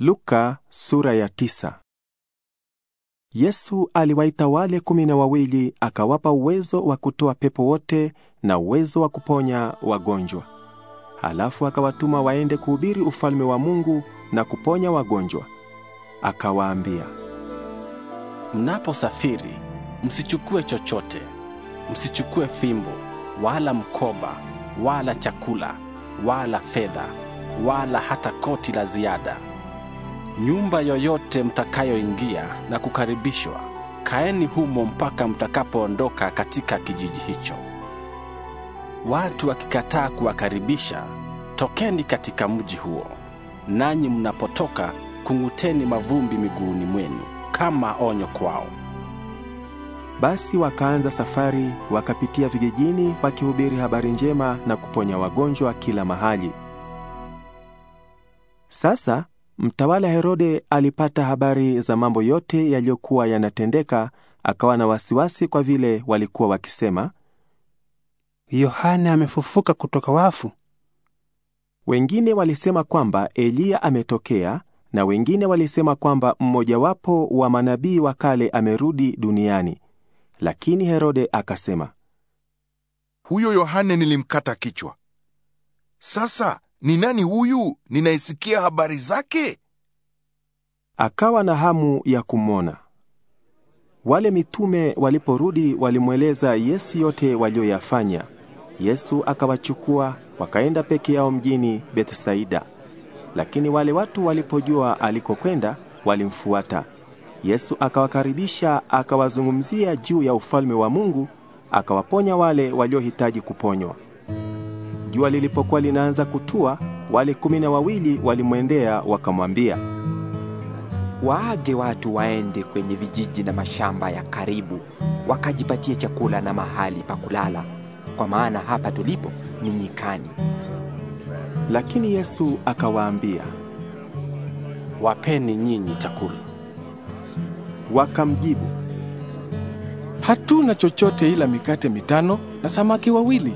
Luka sura ya tisa. Yesu aliwaita wale kumi na wawili akawapa uwezo wa kutoa pepo wote na uwezo wa kuponya wagonjwa. Halafu akawatuma waende kuhubiri ufalme wa Mungu na kuponya wagonjwa. Akawaambia, mnaposafiri msichukue chochote, msichukue fimbo wala mkoba wala chakula wala fedha wala hata koti la ziada nyumba yoyote mtakayoingia na kukaribishwa, kaeni humo mpaka mtakapoondoka katika kijiji hicho. Watu wakikataa kuwakaribisha, tokeni katika mji huo, nanyi mnapotoka kung'uteni mavumbi miguuni mwenu kama onyo kwao. Basi wakaanza safari, wakapitia vijijini, wakihubiri habari njema na kuponya wagonjwa kila mahali. Sasa Mtawala Herode alipata habari za mambo yote yaliyokuwa yanatendeka, akawa na wasiwasi kwa vile walikuwa wakisema, yohane amefufuka kutoka wafu. Wengine walisema kwamba Eliya ametokea na wengine walisema kwamba mmojawapo wa manabii wa kale amerudi duniani. Lakini Herode akasema, Huyo Yohane nilimkata kichwa. Sasa ni nani huyu ninayesikia habari zake? Akawa na hamu ya kumwona. Wale mitume waliporudi walimweleza Yesu yote walioyafanya. Yesu akawachukua wakaenda peke yao mjini Bethsaida. Lakini wale watu walipojua alikokwenda, walimfuata. Yesu akawakaribisha, akawazungumzia juu ya ufalme wa Mungu, akawaponya wale waliohitaji kuponywa. Jua lilipokuwa linaanza kutua, wale kumi na wawili walimwendea wakamwambia, waage watu waende kwenye vijiji na mashamba ya karibu wakajipatie chakula na mahali pa kulala, kwa maana hapa tulipo ni nyikani. Lakini Yesu akawaambia, wapeni nyinyi chakula. Wakamjibu, hatuna chochote ila mikate mitano na samaki wawili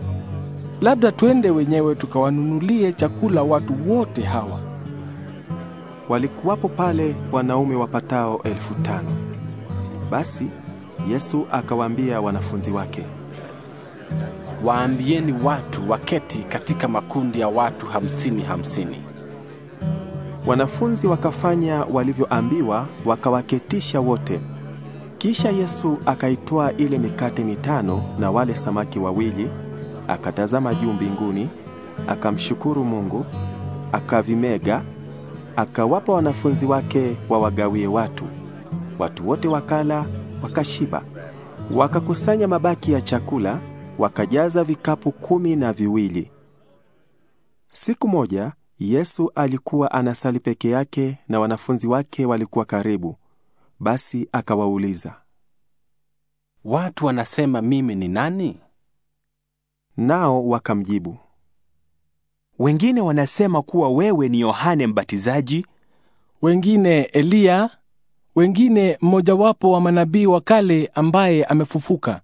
labda twende wenyewe tukawanunulie chakula watu wote hawa. Walikuwapo pale wanaume wapatao elfu tano. Basi Yesu akawaambia wanafunzi wake, waambieni watu waketi katika makundi ya watu hamsini hamsini. Wanafunzi wakafanya walivyoambiwa, wakawaketisha wote. Kisha Yesu akaitoa ile mikate mitano na wale samaki wawili akatazama juu mbinguni, akamshukuru Mungu, akavimega, akawapa wanafunzi wake wawagawie watu. Watu wote wakala wakashiba. Wakakusanya mabaki ya chakula wakajaza vikapu kumi na viwili. Siku moja Yesu alikuwa anasali peke yake na wanafunzi wake walikuwa karibu. Basi akawauliza, watu wanasema mimi ni nani? Nao wakamjibu, wengine wanasema kuwa wewe ni Yohane Mbatizaji, wengine Eliya, wengine mmojawapo wa manabii wa kale ambaye amefufuka.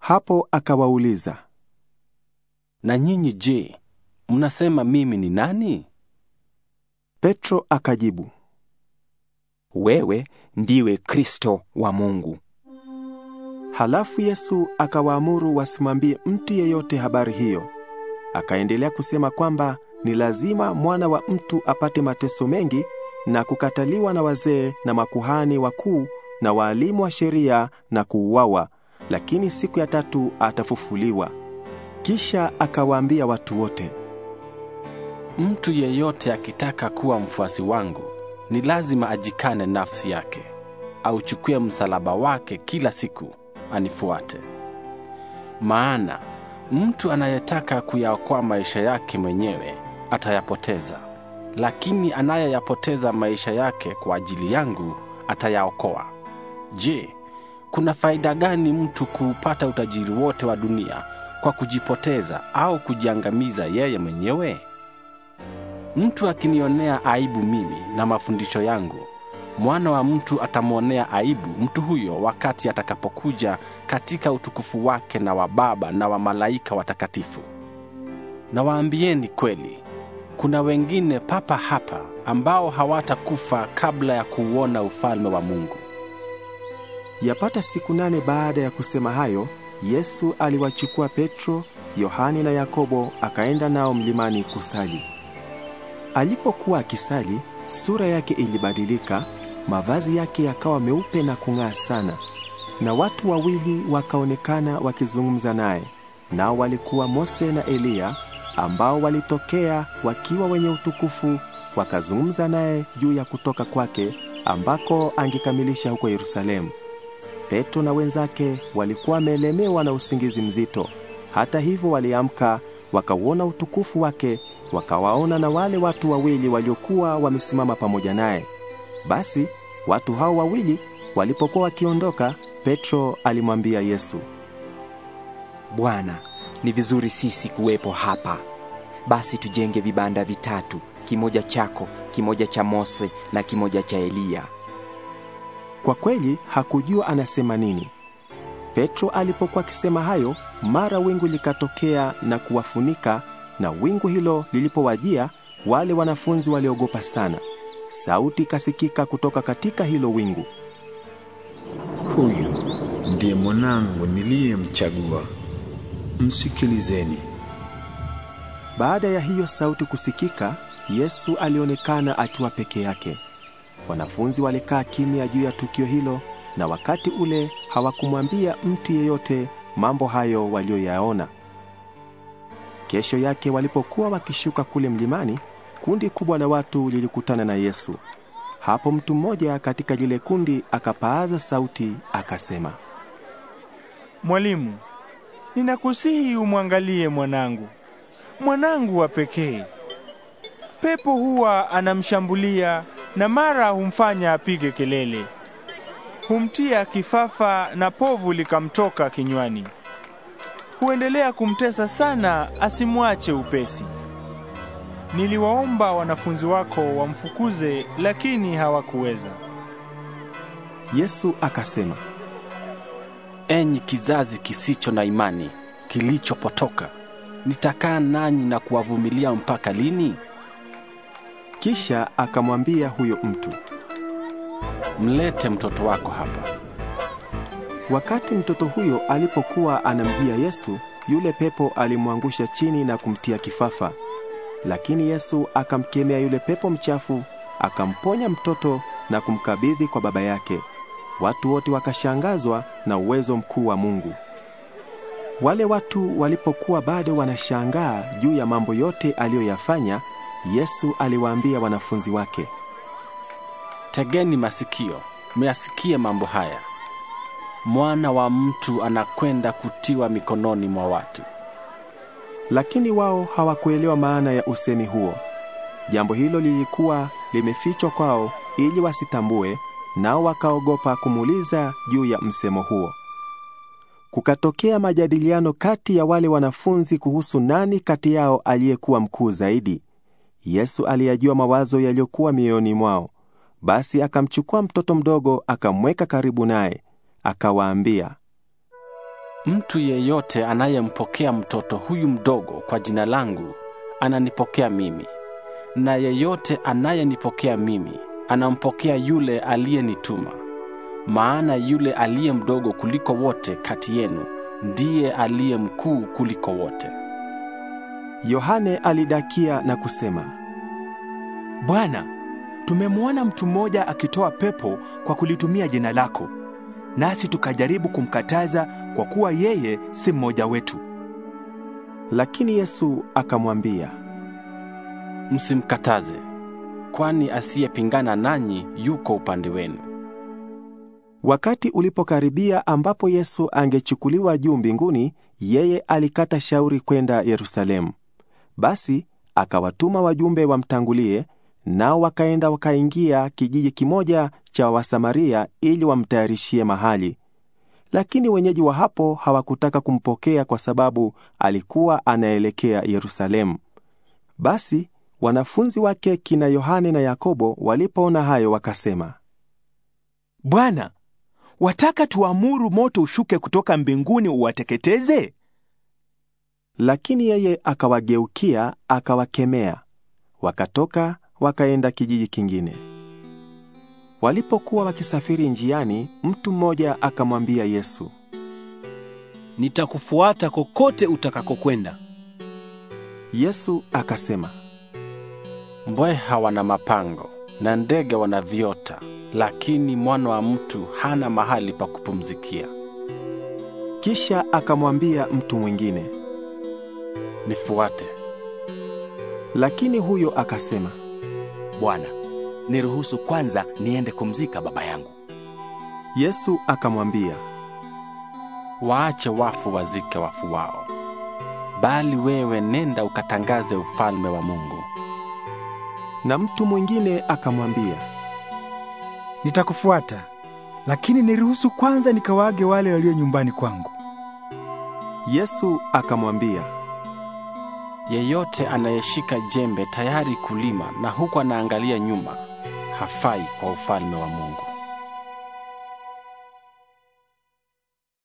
Hapo akawauliza, na nyinyi je, mnasema mimi ni nani? Petro akajibu, wewe ndiwe Kristo wa Mungu. Halafu Yesu akawaamuru wasimwambie mtu yeyote habari hiyo. Akaendelea kusema kwamba ni lazima mwana wa mtu apate mateso mengi na kukataliwa na wazee na makuhani wakuu na waalimu wa sheria na kuuawa, lakini siku ya tatu atafufuliwa. Kisha akawaambia watu wote, mtu yeyote akitaka kuwa mfuasi wangu ni lazima ajikane nafsi yake, auchukue msalaba wake kila siku anifuate. Maana mtu anayetaka kuyaokoa maisha yake mwenyewe atayapoteza, lakini anayeyapoteza maisha yake kwa ajili yangu atayaokoa. Je, kuna faida gani mtu kuupata utajiri wote wa dunia kwa kujipoteza au kujiangamiza yeye mwenyewe? Mtu akinionea aibu mimi na mafundisho yangu Mwana wa mtu atamwonea aibu mtu huyo wakati atakapokuja katika utukufu wake na wa Baba na wa malaika watakatifu. Na waambieni kweli, kuna wengine papa hapa ambao hawatakufa kabla ya kuuona ufalme wa Mungu. Yapata siku nane baada ya kusema hayo, Yesu aliwachukua Petro, Yohane na Yakobo akaenda nao mlimani kusali. Alipokuwa akisali, sura yake ilibadilika mavazi yake yakawa meupe na kung'aa sana, na watu wawili wakaonekana wakizungumza naye, nao walikuwa Mose na Eliya ambao walitokea wakiwa wenye utukufu, wakazungumza naye juu ya kutoka kwake ambako angekamilisha huko Yerusalemu. Petro na wenzake walikuwa wamelemewa na usingizi mzito. Hata hivyo, waliamka wakauona utukufu wake, wakawaona na wale watu wawili waliokuwa wamesimama pamoja naye. Basi watu hao wawili walipokuwa wakiondoka, Petro alimwambia Yesu, Bwana, ni vizuri sisi kuwepo hapa. Basi tujenge vibanda vitatu, kimoja chako, kimoja cha Mose na kimoja cha Eliya. Kwa kweli hakujua anasema nini. Petro alipokuwa akisema hayo, mara wingu likatokea na kuwafunika, na wingu hilo lilipowajia wale wanafunzi waliogopa sana sauti ikasikika kutoka katika hilo wingu, huyu ndiye mwanangu niliyemchagua, msikilizeni. Baada ya hiyo sauti kusikika, Yesu alionekana akiwa peke yake. Wanafunzi walikaa kimya juu ya tukio hilo, na wakati ule hawakumwambia mtu yeyote mambo hayo waliyoyaona Kesho yake walipokuwa wakishuka kule mlimani, kundi kubwa la watu lilikutana na Yesu. Hapo mtu mmoja katika lile kundi akapaaza sauti akasema, Mwalimu, ninakusihi umwangalie mwanangu, mwanangu wa pekee. Pepo huwa anamshambulia na mara humfanya apige kelele, humtia kifafa na povu likamtoka kinywani. Huendelea kumtesa sana, asimwache upesi. Niliwaomba wanafunzi wako wamfukuze, lakini hawakuweza. Yesu akasema, enyi kizazi kisicho na imani kilichopotoka, nitakaa nanyi na kuwavumilia mpaka lini? Kisha akamwambia huyo mtu, mlete mtoto wako hapa. Wakati mtoto huyo alipokuwa anamjia Yesu, yule pepo alimwangusha chini na kumtia kifafa. Lakini Yesu akamkemea yule pepo mchafu, akamponya mtoto na kumkabidhi kwa baba yake. Watu wote wakashangazwa na uwezo mkuu wa Mungu. Wale watu walipokuwa bado wanashangaa juu ya mambo yote aliyoyafanya, Yesu aliwaambia wanafunzi wake, tegeni masikio, meyasikia mambo haya. Mwana wa mtu anakwenda kutiwa mikononi mwa watu. Lakini wao hawakuelewa maana ya usemi huo. Jambo hilo lilikuwa limefichwa kwao ili wasitambue, nao wakaogopa kumuuliza juu ya msemo huo. Kukatokea majadiliano kati ya wale wanafunzi kuhusu nani kati yao aliyekuwa mkuu zaidi. Yesu aliyajua mawazo yaliyokuwa mioyoni mwao. Basi akamchukua mtoto mdogo akamweka karibu naye, akawaambia, Mtu yeyote anayempokea mtoto huyu mdogo kwa jina langu ananipokea mimi, na yeyote anayenipokea mimi anampokea yule aliyenituma. Maana yule aliye mdogo kuliko wote kati yenu ndiye aliye mkuu kuliko wote. Yohane alidakia na kusema, Bwana, tumemwona mtu mmoja akitoa pepo kwa kulitumia jina lako nasi tukajaribu kumkataza kwa kuwa yeye si mmoja wetu. Lakini Yesu akamwambia, msimkataze, kwani asiyepingana nanyi yuko upande wenu. Wakati ulipokaribia ambapo Yesu angechukuliwa juu mbinguni, yeye alikata shauri kwenda Yerusalemu. Basi akawatuma wajumbe wamtangulie Nao wakaenda wakaingia kijiji kimoja cha Wasamaria ili wamtayarishie mahali. Lakini wenyeji wa hapo hawakutaka kumpokea kwa sababu alikuwa anaelekea Yerusalemu. Basi wanafunzi wake kina Yohane na Yakobo walipoona hayo wakasema, Bwana, wataka tuamuru moto ushuke kutoka mbinguni uwateketeze? Lakini yeye akawageukia akawakemea. Wakatoka wakaenda kijiji kingine. Walipokuwa wakisafiri njiani, mtu mmoja akamwambia Yesu, nitakufuata kokote utakakokwenda. Yesu akasema, mbweha wana mapango na ndege wana viota, lakini mwana wa mtu hana mahali pa kupumzikia. Kisha akamwambia mtu mwingine, nifuate. Lakini huyo akasema Bwana, niruhusu kwanza niende kumzika baba yangu. Yesu akamwambia, waache wafu wazike wafu wao, bali wewe nenda ukatangaze ufalme wa Mungu. Na mtu mwingine akamwambia, nitakufuata, lakini niruhusu kwanza nikawaage wale walio nyumbani kwangu. Yesu akamwambia Yeyote anayeshika jembe tayari kulima na huku anaangalia nyuma hafai kwa ufalme wa Mungu.